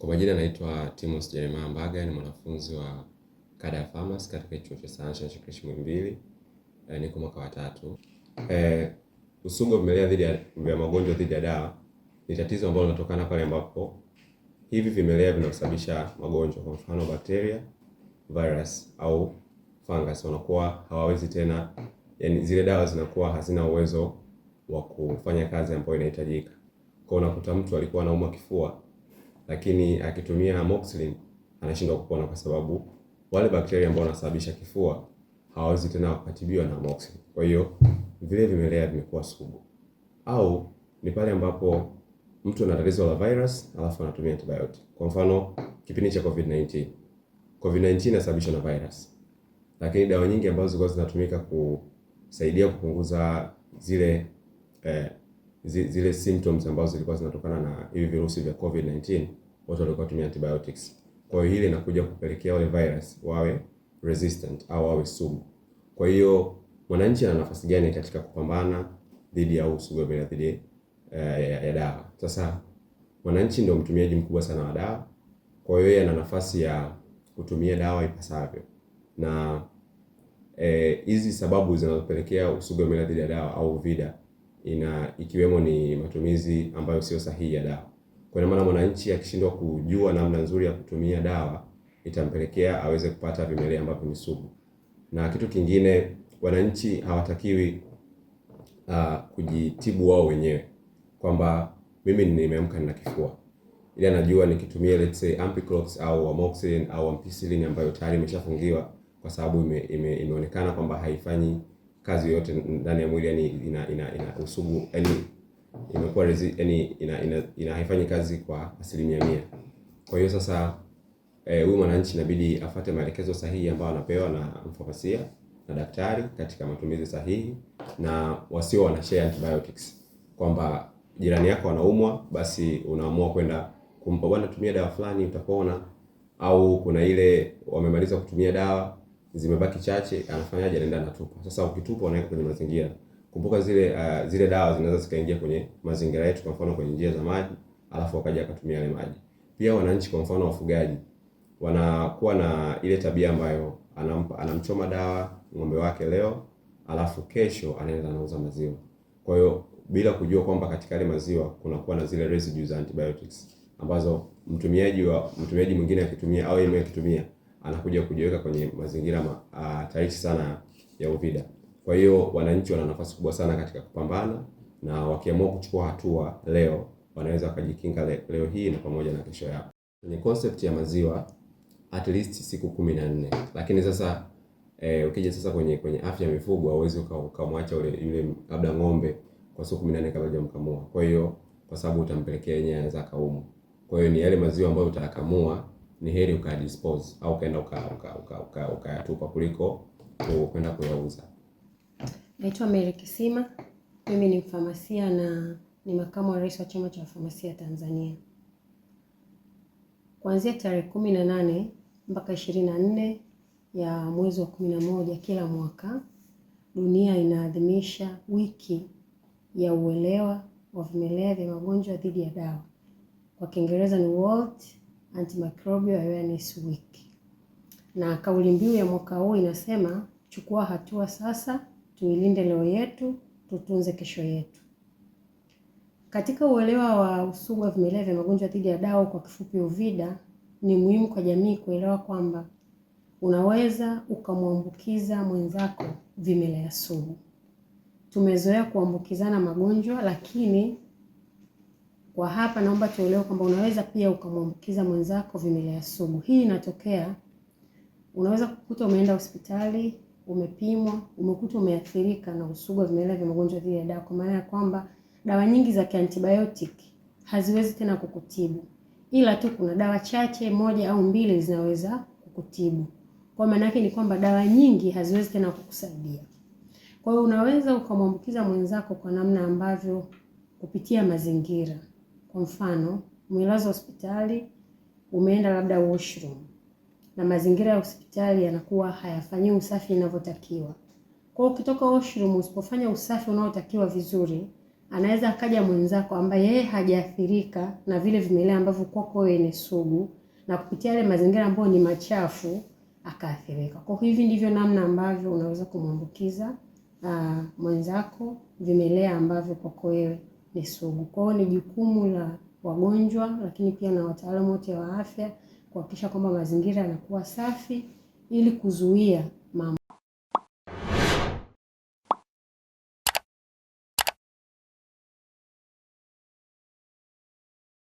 Kwa majina naitwa Timos Jeremiah Mbaga, ni mwanafunzi wa kada ya Pharmacy katika chuo cha sayansi na shirikishi Muhimbili. E, niko mwaka wa tatu. E, eh, usugu wa vimelea dhidi ya magonjwa dhidi ya dawa ni tatizo ambalo linatokana pale ambapo hivi vimelea vinasababisha magonjwa, kwa mfano bakteria, virus au fungus, wanakuwa hawawezi tena, yani zile dawa zinakuwa hazina uwezo wa kufanya kazi ambayo inahitajika. Kwa unakuta mtu alikuwa anaumwa kifua lakini akitumia amoxicillin anashindwa kupona kwa sababu wale bakteria ambao wanasababisha kifua hawawezi tena kutibiwa na amoxicillin. Kwa hiyo vile vimelea vimekuwa sugu. Au ni pale ambapo mtu ana tatizo la virus alafu anatumia antibiotic. Kwa mfano kipindi cha COVID-19. COVID-19 inasababishwa na virus. Lakini dawa nyingi ambazo zilikuwa zinatumika kusaidia kupunguza zile eh, zile symptoms ambazo zilikuwa zinatokana na hivi virusi vya COVID-19, watu walikuwa tumia antibiotics. Kwa hiyo hili inakuja kupelekea wale virus wawe resistant au wawe sumu. Kwa hiyo mwananchi ana nafasi gani katika kupambana dhidi ya usugu bila dhidi eh, ya dawa? Sasa mwananchi ndio mtumiaji mkubwa sana wa dawa, kwa hiyo yeye ana nafasi ya kutumia dawa ipasavyo na eh, hizi e, sababu zinazopelekea usugu wa dhidi ya dawa au VIDA ina ikiwemo ni matumizi ambayo sio sahihi ya dawa. Kwa hiyo maana mwananchi akishindwa kujua namna nzuri ya kutumia dawa itampelekea aweze kupata vimelea ambavyo ni sugu. Na kitu kingine, wananchi hawatakiwi uh, kujitibu wao wenyewe kwamba mimi nimeamka nina kifua, ili anajua nikitumia let's say Ampiclox au Amoxicillin au Ampicillin ambayo tayari imeshafungiwa kwa sababu ime, ime, imeonekana kwamba haifanyi kazi yoyote ndani ya mwili, yani ina ina, ina usugu yani imekuwa yani ina, ina, ina ina haifanyi kazi kwa asilimia mia. Kwa hiyo sasa eh, huyu e, mwananchi inabidi afate maelekezo sahihi ambayo anapewa na mfamasia na daktari katika matumizi sahihi, na wasio wana share antibiotics, kwamba jirani yako anaumwa, basi unaamua kwenda kumpa bwana, tumia dawa fulani utapona, au kuna ile wamemaliza kutumia dawa zimebaki chache, anafanyaje? Anaenda anatupa. Sasa ukitupa unaweka kwenye mazingira. Kumbuka zile uh, zile dawa zinaweza zikaingia kwenye mazingira yetu, kwa mfano kwenye njia za maji, alafu wakaja akatumia yale maji. Pia wananchi, kwa mfano wafugaji, wanakuwa na ile tabia ambayo anampa anamchoma dawa ng'ombe wake leo, alafu kesho anaenda anauza maziwa. Kwa hiyo bila kujua kwamba katika yale maziwa kunakuwa na zile residues za antibiotics ambazo mtumiaji wa mtumiaji mwingine akitumia au yeye mwenyewe akitumia anakuja kujiweka kwenye mazingira hatarishi ma, ah, sana ya UVIDA. Kwa hiyo wananchi wana nafasi kubwa sana katika kupambana, na wakiamua kuchukua hatua leo wanaweza wakajikinga le, leo hii na pamoja na kesho yao. kwenye concept ya maziwa at least siku kumi na nne, lakini sasa eh, ukija sasa kwenye kwenye afya ya mifugo hauwezi ukamwacha ule yule labda ng'ombe kwa siku 14 na nne kabla hujamkamua. Kwa hiyo kwa sababu utampelekea yeye anaweza kaumu. Kwa hiyo ni yale maziwa ambayo utayakamua ni heri ukadispose au ukaenda ukayatupa uka, uka, uka, uka kuliko kwenda kuyauza. Naitwa Mary Kisima, mimi ni mfamasia na ni makamu wa rais wa chama cha wafamasia Tanzania. Kuanzia tarehe kumi na nane mpaka ishirini na nne ya mwezi wa kumi na moja kila mwaka dunia inaadhimisha wiki ya uelewa wa vimelea vya magonjwa dhidi ya dawa, kwa Kiingereza ni World Antimicrobial Awareness Week, na kauli mbiu ya mwaka huu inasema chukua hatua sasa, tuilinde leo yetu, tutunze kesho yetu. Katika uelewa wa usugu wa vimelea vya magonjwa dhidi ya dawa, kwa kifupi UVIDA, ni muhimu kwa jamii kuelewa kwamba unaweza ukamwambukiza mwenzako vimelea sugu. Tumezoea kuambukizana magonjwa, lakini kwa hapa naomba tuelewe kwamba unaweza pia ukamwambukiza mwenzako vimelea sugu. Hii inatokea, unaweza kukuta umeenda hospitali, umepimwa, umekuta umeathirika na usugu wa vimelea vya magonjwa dhidi ya dawa, kwa maana ya kwamba dawa nyingi za antibiotic haziwezi tena kukutibu, ila tu kuna dawa chache, moja au mbili, zinaweza kukutibu. Kwa maana yake ni kwamba dawa nyingi haziwezi tena kukusaidia. Kwa hiyo unaweza ukamwambukiza mwenzako kwa namna ambavyo kupitia mazingira kwa mfano, umelazwa hospitali, umeenda labda washroom na mazingira ya hospitali yanakuwa hayafanyiwi usafi inavyotakiwa. Kwa hiyo ukitoka washroom usipofanya usafi unaotakiwa vizuri, anaweza akaja mwenzako ambaye yeye hajaathirika na vile vimelea ambavyo kwako wewe ni sugu, na kupitia yale mazingira ambayo ni machafu akaathirika. Kwa hivi ndivyo namna ambavyo unaweza kumwambukiza ah, mwenzako vimelea ambavyo kwako wewe ni sugu. Kwa hiyo ni jukumu la wagonjwa, lakini pia na wataalamu wote wa afya kuhakikisha kwamba mazingira yanakuwa safi ili kuzuia maambukizi.